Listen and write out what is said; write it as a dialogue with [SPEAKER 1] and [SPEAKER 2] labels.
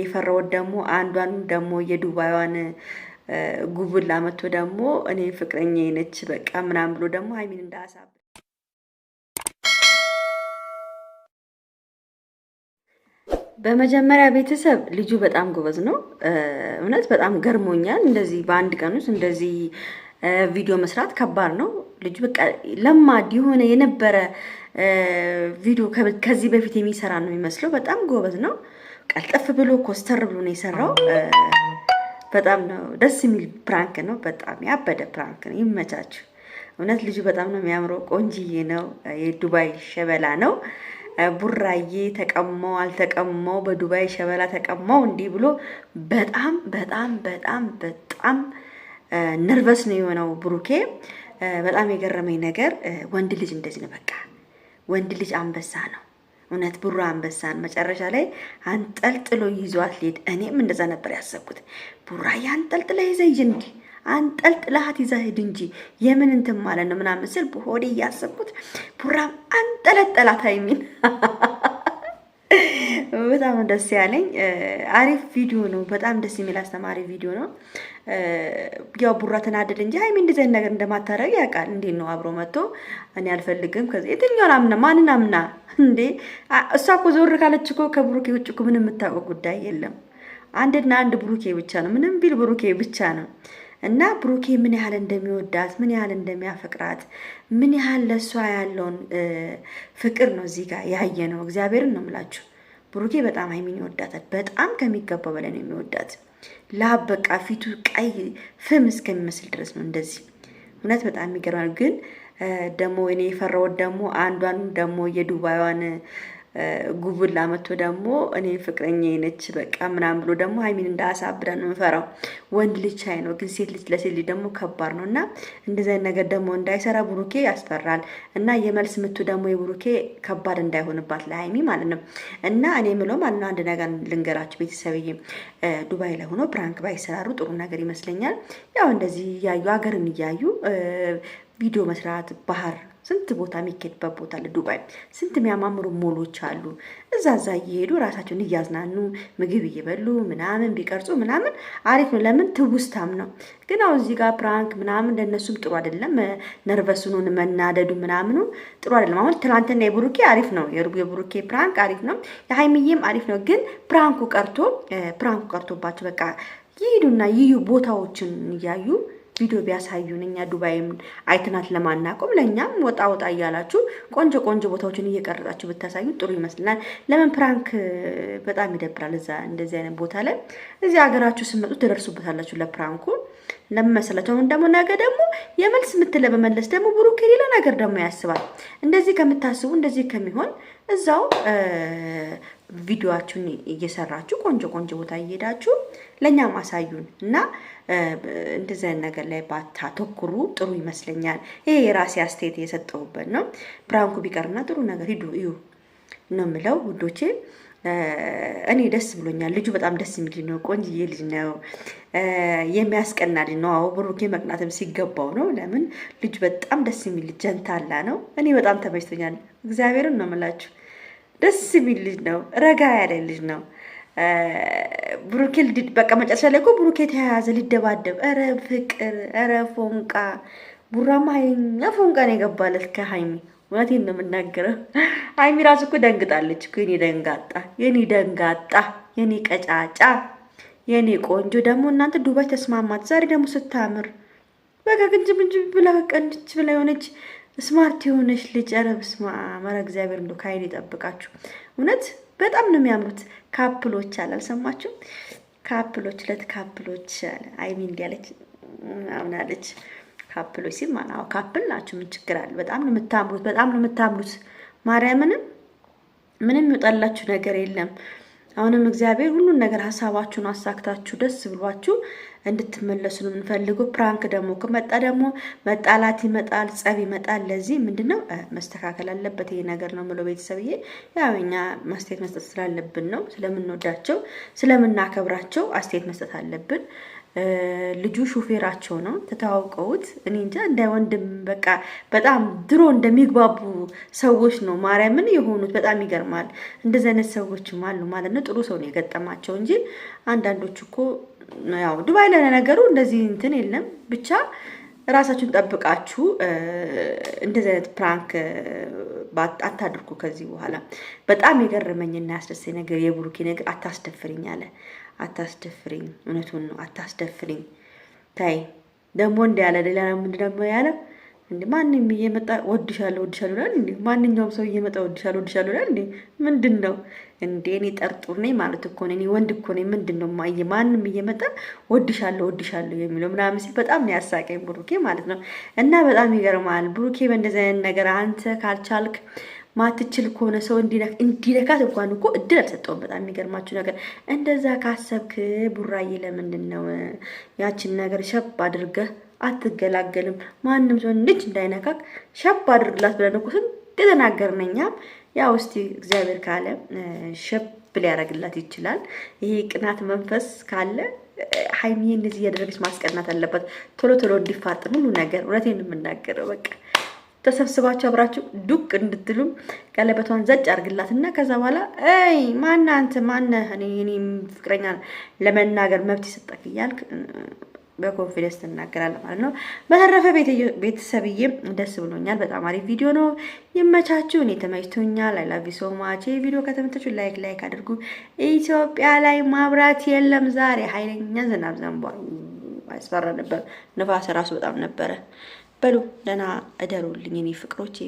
[SPEAKER 1] የፈራሁት ደግሞ አንዷን ደግሞ የዱባይዋን ጉብል ላመቶ ደግሞ እኔ ፍቅረኛ ነች በቃ ምናምን ብሎ ደግሞ ሀይሚን እንዳሳብ በመጀመሪያ ቤተሰብ ልጁ በጣም ጎበዝ ነው። እውነት በጣም ገርሞኛል። እንደዚህ በአንድ ቀን ውስጥ እንደዚህ ቪዲዮ መስራት ከባድ ነው። ልጁ በቃ ለማድ የሆነ የነበረ ቪዲዮ ከዚህ በፊት የሚሰራ ነው የሚመስለው። በጣም ጎበዝ ነው። ቀልጠፍ ብሎ ኮስተር ብሎ ነው የሰራው። በጣም ነው ደስ የሚል ፕራንክ ነው። በጣም ያበደ ፕራንክ ነው። ይመቻችሁ። እውነት ልጁ በጣም ነው የሚያምረው። ቆንጅዬ ነው። የዱባይ ሸበላ ነው። ቡራዬ ተቀማው አልተቀማው በዱባይ ሸበላ ተቀማው እንዲህ ብሎ በጣም በጣም በጣም በጣም ነርቨስ ነው የሆነው ብሩኬ። በጣም የገረመኝ ነገር ወንድ ልጅ እንደዚህ ነው። በቃ ወንድ ልጅ አንበሳ ነው። እውነት ብሩ አንበሳን መጨረሻ ላይ አንጠልጥሎ ይዟት ሊሄድ እኔም እንደዛ ነበር ያሰብኩት። ቡራ አንጠልጥለ ይዘ ይጅ እንዲ አንጠልጥለሃት ይዛ ሂድ እንጂ የምን እንትን ማለት ነው ምናምን ስል ሆዴ እያሰብኩት ቡራም አንጠለጠላት አይሚን በጣም ደስ ያለኝ። አሪፍ ቪዲዮ ነው። በጣም ደስ የሚል አስተማሪ ቪዲዮ ነው። ያው ቡራ ተናደድ እንጂ ሀይሚ እንደዚህ ነገር እንደማታረግ ያውቃል። እንዴት ነው አብሮ መጥቶ እኔ አልፈልግም ከዚህ የትኛውን አምና ማንን አምና እንዴ? እሷ እኮ ዞር ካለች እኮ ከብሩኬ ውጭ እኮ ምንም የምታውቀው ጉዳይ የለም። አንድና አንድ ብሩኬ ብቻ ነው። ምንም ቢል ብሩኬ ብቻ ነው። እና ብሩኬ ምን ያህል እንደሚወዳት ምን ያህል እንደሚያፈቅራት ምን ያህል ለእሷ ያለውን ፍቅር ነው እዚህ ጋር ያየ ነው። እግዚአብሔርን ነው የምላችሁ። ብሩኬ በጣም ሀይሚን ይወዳታል። በጣም ከሚገባ በላይ ነው የሚወዳት። ላብ በቃ ፊቱ ቀይ ፍም እስከሚመስል ድረስ ነው እንደዚህ። እውነት በጣም የሚገርማል። ግን ደግሞ እኔ የፈራሁት ደግሞ አንዷን ደግሞ የዱባይዋን ጉቡላ መቶ ደግሞ እኔ ፍቅረኛ ነች በቃ ምናምን ብሎ ደግሞ ሀይሚን እንዳያሳብረን ነው የምፈራው። ወንድ ልጅ ቻይ ነው፣ ግን ሴት ልጅ ለሴት ልጅ ደግሞ ከባድ ነው እና እንደዚ ነገር ደግሞ እንዳይሰራ ብሩኬ ያስፈራል እና የመልስ ምቱ ደግሞ የብሩኬ ከባድ እንዳይሆንባት ለሀይሚ ማለት ነው። እና እኔ ምለው ማለት ነው አንድ ነገር ልንገራችሁ ቤተሰብዬ፣ ዱባይ ላይ ሆኖ ፕራንክ ባይሰራሩ ጥሩ ነገር ይመስለኛል። ያው እንደዚህ እያዩ ሀገርን እያዩ ቪዲዮ መስራት ባህር ስንት ቦታ የሚኬድበት ቦታ አለ። ዱባይ ስንት የሚያማምሩ ሞሎች አሉ። እዛ እዛ እየሄዱ ራሳቸውን እያዝናኑ ምግብ እየበሉ ምናምን ቢቀርጹ ምናምን አሪፍ ነው። ለምን ትውስታም ነው። ግን አሁን እዚህ ጋር ፕራንክ ምናምን ለእነሱም ጥሩ አይደለም። ነርቨሱኑን መናደዱ ምናምኑ ጥሩ አይደለም። አሁን ትናንትና የብሩኬ አሪፍ ነው። የብሩኬ ፕራንክ አሪፍ ነው። የሀይምዬም አሪፍ ነው። ግን ፕራንኩ ቀርቶ ፕራንኩ ቀርቶባቸው በቃ ይሄዱና ይዩ ቦታዎችን እያዩ ቪዲዮ ቢያሳዩን እኛ ዱባይም አይትናት ለማናቆም ለእኛም ወጣ ወጣ እያላችሁ ቆንጆ ቆንጆ ቦታዎችን እየቀረጻችሁ ብታሳዩ ጥሩ ይመስልናል። ለምን ፕራንክ በጣም ይደብራል። እዛ እንደዚህ አይነት ቦታ ላይ እዚህ ሀገራችሁ ስመጡ ትደርሱበታላችሁ ለፕራንኩ ለመሰላቸው አሁን ደግሞ ነገ ደግሞ የመልስ ምትለ በመለስ ደግሞ ብሩክ ሌላ ነገር ደግሞ ያስባል። እንደዚህ ከምታስቡ እንደዚህ ከሚሆን እዛው ቪዲዮችሁን እየሰራችሁ ቆንጆ ቆንጆ ቦታ እየሄዳችሁ ለእኛ ማሳዩን እና እንደዚህ ነገር ላይ ባታተኩሩ ጥሩ ይመስለኛል። ይሄ የራሴ አስተያየት የሰጠሁበት ነው። ብራንኩ ቢቀርና ጥሩ ነገር ሂዱ እዩ ነው የምለው ውዶቼ። እኔ ደስ ብሎኛል። ልጁ በጣም ደስ የሚል ነው። ቆንጅዬ ልጅ ነው። የሚያስቀና ነው። አዎ ብሩኬ መቅናትም ሲገባው ነው። ለምን ልጁ በጣም ደስ የሚል ጀንታላ ነው። እኔ በጣም ተመችቶኛል። እግዚአብሔርን ነው የምላችሁ። ደስ የሚል ልጅ ነው። ረጋ ያለ ልጅ ነው። ብሩኬ በቃ መጨረሻ ላይ እኮ ብሩኬ ተያያዘ ሊደባደብ፣ ኧረ ፍቅር፣ ኧረ ፎንቃ። ቡራማ ኃይለኛ ፎንቃ ነው የገባለት ከሀይሚ። እውነቴን ነው የምናገረው። ሀይሚ ራሱ እኮ ደንግጣለች እኮ የኔ ደንጋጣ፣ የኔ ደንጋጣ፣ የኔ ቀጫጫ፣ የኔ ቆንጆ። ደግሞ እናንተ ዱባይ ተስማማት ዛሬ ደግሞ ስታምር በቃ ግንጅ ምንጅ ብላ በቃ እንድች ብላ የሆነች ስማርት የሆነች ልጅ ኧረ በስመ አብ! ኧረ እግዚአብሔር እንደው ከአይን ይጠብቃችሁ። እውነት በጣም ነው የሚያምሩት ካፕሎች አለ አልሰማችሁ? ካፕሎች ሁለት ካፕሎች አለ አይሚ እንዲያለች አምናለች። ካፕሎች ሲል ማናው ካፕል ናችሁ፣ ምን ችግር አለ? በጣም ነው የምታምሩት፣ በጣም ነው የምታምሩት። ማርያምንም ምንም ይወጣላችሁ ነገር የለም። አሁንም እግዚአብሔር ሁሉን ነገር ሀሳባችሁን አሳክታችሁ ደስ ብሏችሁ እንድትመለሱ ነው የምንፈልገው። ፕራንክ ደግሞ ከመጣ ደግሞ መጣላት ይመጣል፣ ጸብ ይመጣል። ለዚህ ምንድነው መስተካከል አለበት ይሄ ነገር ነው የምለው ቤተሰብዬ። ያው እኛ አስተያየት መስጠት ስላለብን ነው፣ ስለምንወዳቸው ስለምናከብራቸው አስተያየት መስጠት አለብን። ልጁ ሹፌራቸው ነው ተተዋውቀውት፣ እኔ እንጃ እንደ ወንድም በቃ በጣም ድሮ እንደሚግባቡ ሰዎች ነው ማርያምን የሆኑት። በጣም ይገርማል። እንደዚህ አይነት ሰዎችም አሉ ማለት ነው። ጥሩ ሰው ነው የገጠማቸው እንጂ አንዳንዶች እኮ ያው ዱባይ ላይ ነገሩ እንደዚህ እንትን የለም ብቻ ራሳችሁን ጠብቃችሁ እንደዚህ አይነት ፕራንክ አታድርጉ። ከዚህ በኋላ በጣም የገረመኝና ያስደሰኝ ነገር የብሩኬ ነገር አታስደፍርኝ አለ። አታስደፍርኝ፣ እውነቱን ነው አታስደፍርኝ ታይ ደግሞ እንዲ ያለ ሌላ ምንድን ነው ያለው? እንዴ ማንም እየመጣ ወድሻለሁ ወድሻለሁ ይላል እንዴ? ማንኛውም ሰው እየመጣ ወድሻለሁ ወድሻለሁ ይላል እንዴ? ምንድን ነው እንዴ? እኔ ጠርጡር ነኝ ማለት እኮ ነኝ፣ ወንድ እኮ ነኝ። ምንድን ነው ማየ ማንም እየመጣ ወድሻለሁ ወድሻለሁ የሚለው ምናምን ሲል በጣም ያሳቀኝ ብሩኬ ማለት ነው። እና በጣም ይገርማል ብሩኬ በእንደዚህ አይነት ነገር አንተ ካልቻልክ ማትችል ከሆነ ሰው እንዲነካት እንኳን እኮ እድል አልሰጠውም። በጣም የሚገርማችሁ ነገር እንደዛ ካሰብክ ቡራዬ፣ ለምንድን ነው ያችን ነገር ሸብ አድርገህ አትገላገልም። ማንም ሰው ልጅ እንዳይነካክ ሸብ አድርግላት ብለን እኮ ስንት የተናገርን እኛም። ያው እስቲ እግዚአብሔር ካለ ሸብ ሊያደርግላት ይችላል። ይሄ ቅናት መንፈስ ካለ ሀይሚዬ እንደዚህ እያደረገች ማስቀናት አለበት። ቶሎ ቶሎ እንዲፋጥን ሁሉ ነገር እውነቴን የምናገረው በቃ ተሰብስባችሁ አብራችሁ ዱቅ እንድትሉም ቀለበቷን ዘጭ አርግላት እና ከዛ በኋላ ይ ማናንት ማነ እኔ ፍቅረኛ ለመናገር መብት ይሰጠክ እያልክ በኮንፊደንስ ትናገራለህ ማለት ነው። በተረፈ ቤተሰብዬ ደስ ብሎኛል። በጣም አሪፍ ቪዲዮ ነው። ይመቻችሁ። እኔ ተመችቶኛል። አይ ላቭ ዩ ሶ ማች። ይህ ቪዲዮ ከተመቻችሁ ላይክ ላይክ አድርጉ። ኢትዮጵያ ላይ ማብራት የለም። ዛሬ ኃይለኛ ዝናብ ዘንቧል። አያስፈራ ነበር። ንፋስ ራሱ በጣም ነበረ። በሉ ደህና እደሩልኝ። እኔ ፍቅሮቼ